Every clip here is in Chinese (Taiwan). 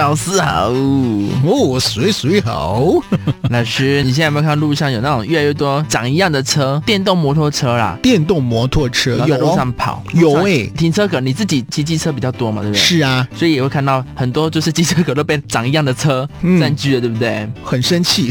老師好、哦，我誰誰好。 老師，你現在有沒有看到路上有那種越來越多長一樣的車，電動摩托車啦？電動摩托車有往路上跑，有哎，停車格你自己騎機車比較多嘛，對不對？是啊，所以也會看到很多就是機車格都被長一樣的車佔據了，對不對？很生氣，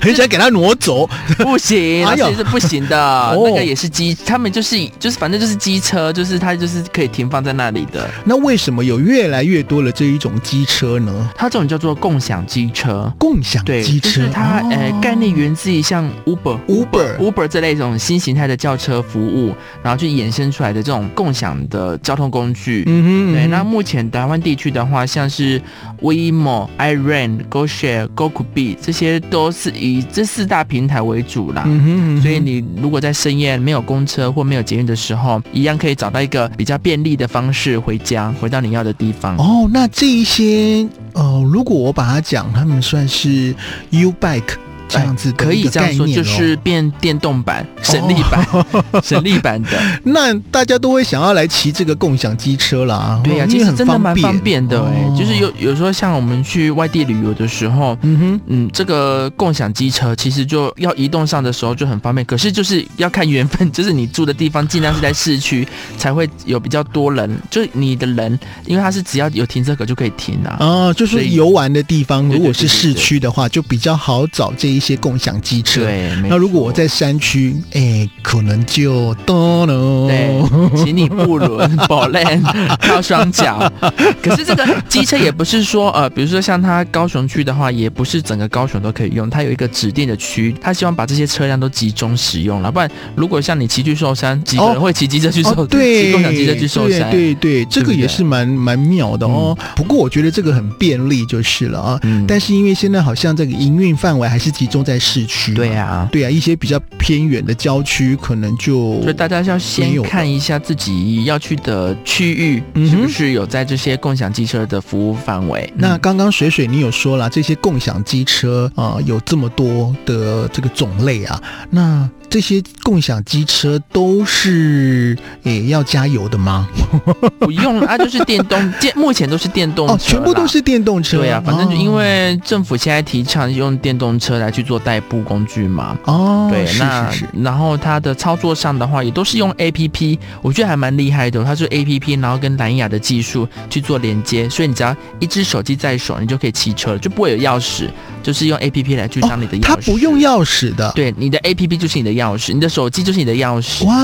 很想給它挪走，不行，它其實是不行的，那個也是機，他們就是就是反正就是機車，就是它就是可以停放在那裡的。那為什麼有越來越多的這一種機車呢？它這種叫做共享機車，共享機車。就是它概念源自於像 Uber,、oh, Uber、Uber、Uber 這類一種新形態的轎車服務，然後去衍生出來的這種共享的交通工具。嗯嗯對。那目前台灣地區的話，像是 WeMo、iRan Go、GoShare Go、GoKube 這些都是以這四大平台為主啦。嗯哼，嗯哼，所以你如果在深夜沒有公車或沒有捷運的時候，一樣可以找到一個比較便利的方式回家，回到你要的地方。哦，oh, 那這一些。哦、呃，如果我把它講，他們算是 U-Bike。這樣子可以這樣說，就是變電動版，省力版，省力版的。那大家都會想要來騎這個共享機車啦。對呀，其實很方便的。就是有有時候像我們去外地旅遊的時候，嗯哼，嗯，這個共享機車其實就要移動上的時候就很方便。可是就是要看緣分，就是你住的地方儘量是在市區，才會有比較多人。就你的人，因為它是只要有停車格就可以停啊。就是遊玩的地方如果是市區的話，就比較好找這一。一些共享機車，對，那如果我在山區，哎、欸，可能就多嘍。對，請你不履 balance 靠雙腳。 可是這個機車也不是說，呃，比如說像它高雄區的話，也不是整個高雄都可以用，它有一個指定的區。它希望把這些車輛都集中使用了，不然如果像你騎去壽山，可能、哦、會騎機車去壽、哦？對，騎共享機車去壽山，對對，對對對對這個也是蠻蠻妙的哦。嗯、不過我覺得這個很便利就是了啊。嗯、但是因為現在好像這個營運範圍還是。集中在市區，對呀、啊，對呀、啊，一些比較偏遠的郊區可能就，所以大家要先看一下自己要去的區域是不是有在這些共享機車的服務範圍？嗯、那剛剛水水你有說了，這些共享機車啊、呃、有這麼多的這個種類啊，那這些共享機車都是也、欸、要加油的嗎？ 不用，啊，就是電動目前都是電動車，哦，全部都是電動車對啊。反正就因為政府現在提倡用電動車來。去做代步工具嘛？哦，對，那是，是，是，然後它的操作上的話，也都是用 A P P，我覺得還蠻厲害的。它是 A P P，然後跟藍牙的技術去做連接，所以你只要一隻手機在手，你就可以騎車，就不會有鑰匙，就是用 A P P 來去當你的鑰匙。它、哦、不用鑰匙的，對，你的 A P P 就是你的鑰匙，你的手機就是你的鑰匙。哇，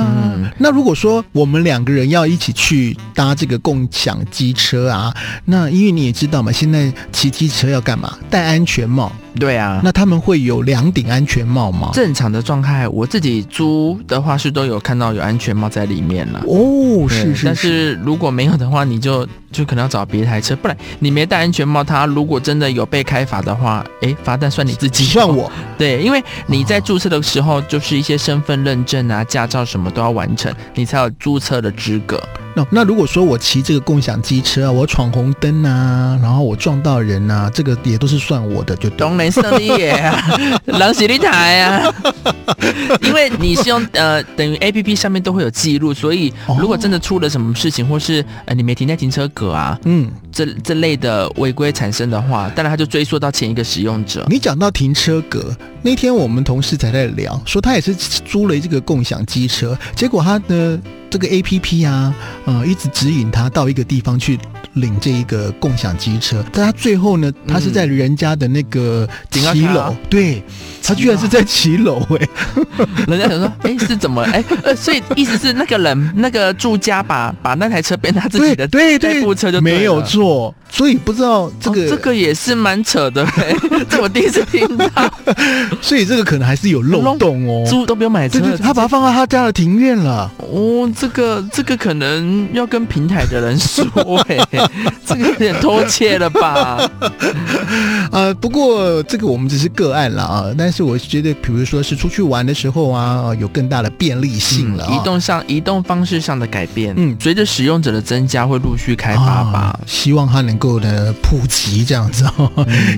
嗯、那如果說我們兩個人要一起去搭這個共享機車啊，那因為你也知道嘛，現在騎機車要幹嘛？戴安全帽。對啊，那他們會有兩頂安全帽嗎？正常的狀態，我自己租的話是都有看到有安全帽在裡面了。哦，對是，是是，但是如果沒有的話，你就。就可能要找別台車，不然你沒戴安全帽，他如果真的有被開罰的話，哎，罰單算你自己算我，對，因為你在註冊的時候、哦、就是一些身份認證啊、駕照什麼都要完成，你才有註冊的資格。那、哦、那如果說我騎這個共享機車，啊，我闖紅燈啊，然後我撞到人啊，這個也都是算我的，就對。沒事，是也啊狼騎的台啊， 啊 因為你是用呃等於 APP 上面都會有記錄，所以如果真的出了什麼事情，或是呃你沒停在停車。格啊，嗯，這這類的違規產生的話，當然他就追溯到前一個使用者。你講到停車格，那天我們同事才在聊，說他也是租了這個共享機車，結果他的這個 APP 啊，呃，一直指引他到一個地方去。領這一個共享機車，但他最後呢，他是在人家的那個騎樓，嗯、對，他居然是在騎樓哎，人家想說哎、欸、是怎麼哎、欸，所以意思是那個人那個住家把把那台車變他自己的代步車就對了對對，對，對沒有錯，所以不知道這個、哦、這個也是蠻扯的哎、欸， 這我第一次聽到，所以這個可能還是有漏洞哦、喔，租都不用買車對對對，他把它放到他家的庭院了哦，這個這個可能要跟平台的人說哎、欸。 這個有點偷竊了吧？ 呃，不過這個我們只是個案了啊。但是我覺得，比如說是出去玩的時候啊，有更大的便利性了、啊嗯。移動上，移動方式上的改變，嗯，隨着使用者的增加，會陸續開發吧。啊、希望它能夠呢普及這樣子、啊，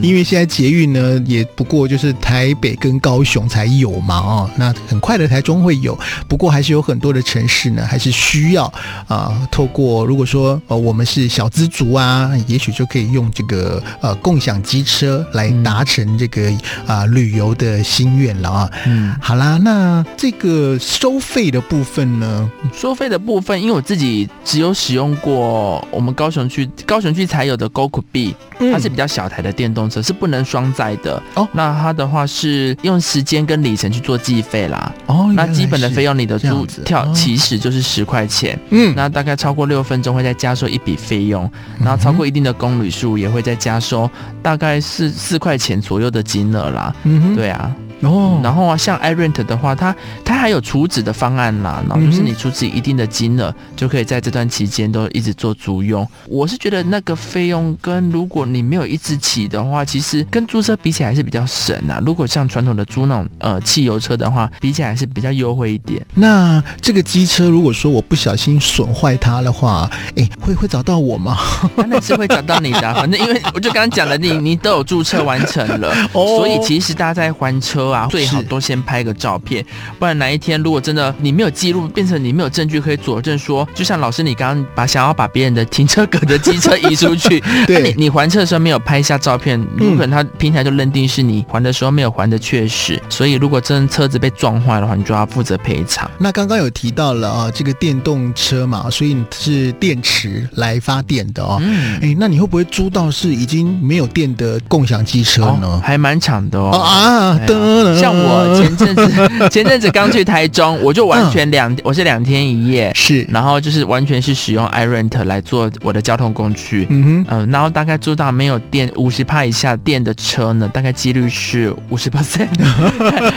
因為現在捷運呢，也不過就是台北跟高雄才有嘛、啊，哦，那很快的台中會有。不過還是有很多的城市呢，還是需要啊，透過如果說呃，我們是小。知足啊，也許就可以用這個呃共享機車來達成這個啊、嗯呃、旅遊的心願了啊。嗯，好啦，那這個收費的部分呢？收費的部分，因為我自己只有使用過我們高雄區高雄區才有的 GoCube 它是比較小台的電動車，是不能雙載的。哦、嗯，那它的話是用時間跟里程去做計費啦。哦，那基本的費用你的租跳、哦、其實就是十塊錢。嗯，那大概超過六分鐘會再加收一筆費用。然後超過一定的公里數也會再加收，大概四四塊錢左右的金額啦。嗯哼，對啊。哦、嗯，然後啊，像 iRent 的話，它它還有儲值的方案啦，然後就是你儲值一定的金額，嗯嗯就可以在這段期間都一直做租用。我是覺得那個費用跟如果你沒有一直騎的話，其實跟租車比起來是比較省啊。如果像傳統的租那種呃汽油車的話，比起來是比較優惠一點。那這個機車如果說我不小心損壞它的話，哎、欸，會會找到我嗎？當然 是會找到你的，反正因為我就剛剛講的，你你都有註冊完成了，哦、所以其實大家在還車。啊，最好都先拍個照片，是不然哪一天如果真的你沒有記錄，變成你沒有證據可以佐證說，就像老師你剛，剛把想要把別人的停車格的機車移出去， 對啊、你你還車的時候沒有拍一下照片，有可能他平台就認定是你還的時候沒有還的確實，嗯、所以如果真的車子被撞壞的話，你就要負責賠償。那剛剛有提到了啊、哦，這個電動車嘛，所以是電池來發電的哦。嗯、哎，那你會不會租到是已經沒有電的共享機車呢？哦、還蠻慘的哦，哦啊的。像我前陣子前陣子剛去台中，我就完全兩、嗯、我是兩天一夜，是，然後就是完全是使用 iRent 來做我的交通工具，嗯哼嗯，然後大概做到沒有電五十帕以下電的車呢，大概幾率是五十 percent，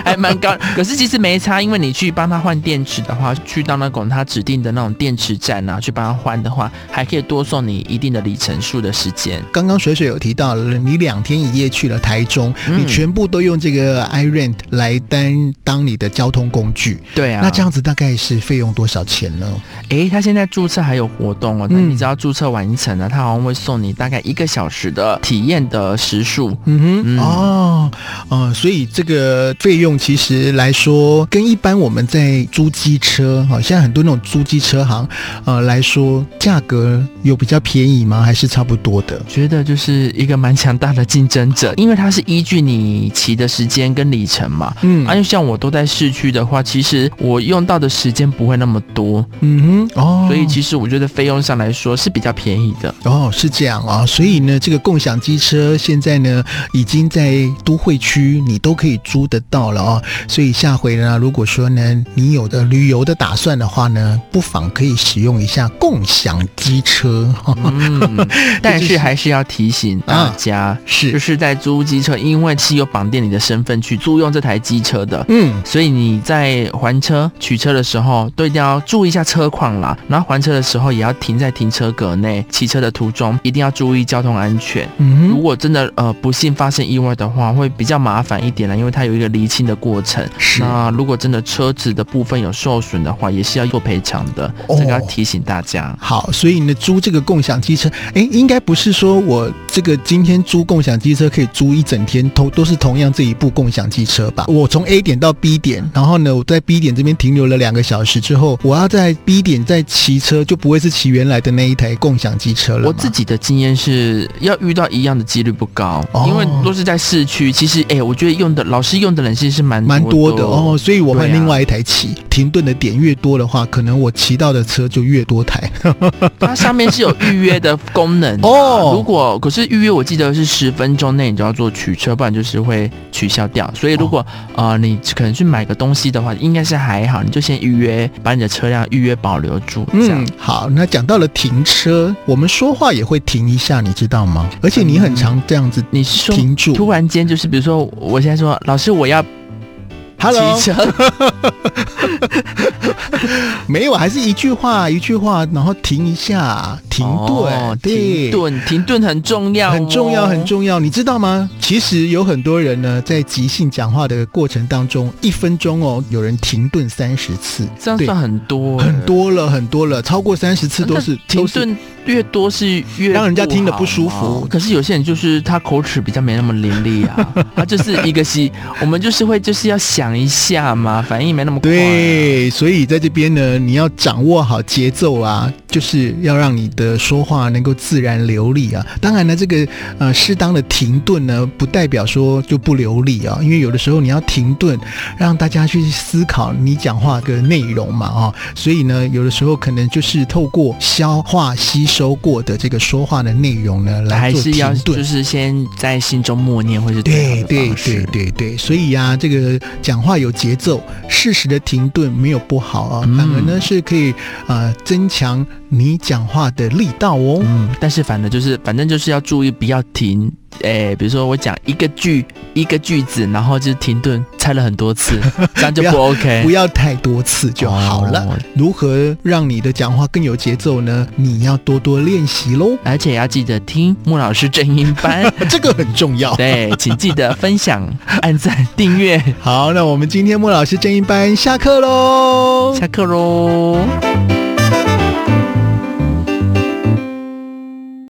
還蠻高，可是其實沒差，因為你去幫他換電池的話，去到那種他指定的那種電池站呢、啊，去幫他換的話，還可以多送你一定的里程數的時間。剛剛水水有提到了，你兩天一夜去了台中，你全部都用這個 i 來擔當你的交通工具，對啊，那這樣子大概是費用多少錢呢？哎、欸，他現在註冊還有活動哦，那你知道註冊完成了，嗯、他好像會送你大概一個小時的體驗的時數。嗯哼，嗯哦，呃，所以這個費用其實來說，跟一般我們在租機車，好像很多那種租機車行，呃，來說價格有比較便宜嗎？還是差不多的？覺得就是一個蠻強大的競爭者，因為他是依據你騎的時間跟你。里程嘛，嗯，而且、啊、像我都在市區的話，其實我用到的時間不會那麼多，嗯哼，哦，所以其實我覺得費用上來說是比較便宜的。哦，是這樣啊、哦，所以呢，這個共享機車現在呢已經在都會區你都可以租得到了哦。所以下回呢，如果說呢你有的旅遊的打算的話呢，不妨可以使用一下共享機車、 嗯，但是還是要提醒大家、啊、是，就是在租機車，因為是有綁定你的身份去。租用這台機車的，嗯，所以你在還車取車的時候，都一定要注意一下車況啦。然後還車的時候也要停在停車格內。騎車的途中一定要注意交通安全。嗯哼，如果真的呃不幸發生意外的話，會比較麻煩一點了，因為它有一個釐清的過程。是，那如果真的車子的部分有受損的話，也是要做賠償的。這個要提醒大家。哦、好，所以你的租這個共享機車，哎、欸，應該不是說我這個今天租共享機車可以租一整天，都都是同樣這一部共享機車。機車吧，我從 A 點到 B 點，然後呢，我在 B 點這邊停留了兩個小時之後，我要在 B 點再騎車，就不會是騎原來的那一台共享機車了。我自己的經驗是要遇到一樣的幾率不高，哦、因為都是在市區。其實，哎、欸，我覺得用的，老師用的人其實是蠻蠻多的，多的哦。所以，我換另外一台騎。啊、停頓的點越多的話，可能我騎到的車就越多台。它上面是有預約的功能哦。如果可是預約，我記得是十分鐘內你就要做取車，不然就是會取消掉。所以，如果啊、哦呃，你可能去買個東西的話，應該是還好，你就先預約，把你的車輛預約保留住。這樣嗯，好，那講到了停車，我們說話也會停一下，你知道嗎？而且你很常這樣子，你停住，嗯、說突然間就是，比如說，我現在說，老師，我要車，Hello， 沒有，還是一句話一句話，然後停一下。停頓，停頓，停頓很重要、哦，很重要，很重要。你知道嗎？其實有很多人呢，在即興講話的過程當中，一分鐘哦，有人停頓三十次，這樣算很多，很多了，很多了，超過三十次都是、啊、停頓越多是越讓人家聽得不舒服。可是有些人就是他口齒比較沒那麼伶俐啊， 他就是一個戲我們就是會就是要想一下嘛，反應沒那麼快、啊。對，所以在這邊呢，你要掌握好節奏啊，就是要讓你的。呃，說話能夠自然流利啊。當然呢，這個呃適當的停頓呢，不代表說就不流利啊。因為有的時候你要停頓，讓大家去思考你講話的內容嘛、哦，啊。所以呢，有的時候可能就是透過消化吸收過的這個說話的內容呢，來做停頓。還是要就是先在心中默念或者是對對對對對。所以啊，這個講話有節奏，適時的停頓沒有不好啊，嗯、反而呢是可以啊、呃、增強。你講話的力道哦，嗯、但是反正就是，反正就是要注意，不要停。哎、欸，比如說我講一個句，一個句子，然後就停頓，猜了很多次，這樣就不 OK， 不要，不要太多次就好了。哦、好了。如何讓你的講話更有節奏呢？你要多多練習嘍，而且要記得聽莫老師正音班， 這個很重要。 對，請記得分享、按讚、訂閱。好，那我們今天莫老師正音班下課嘍，下課嘍。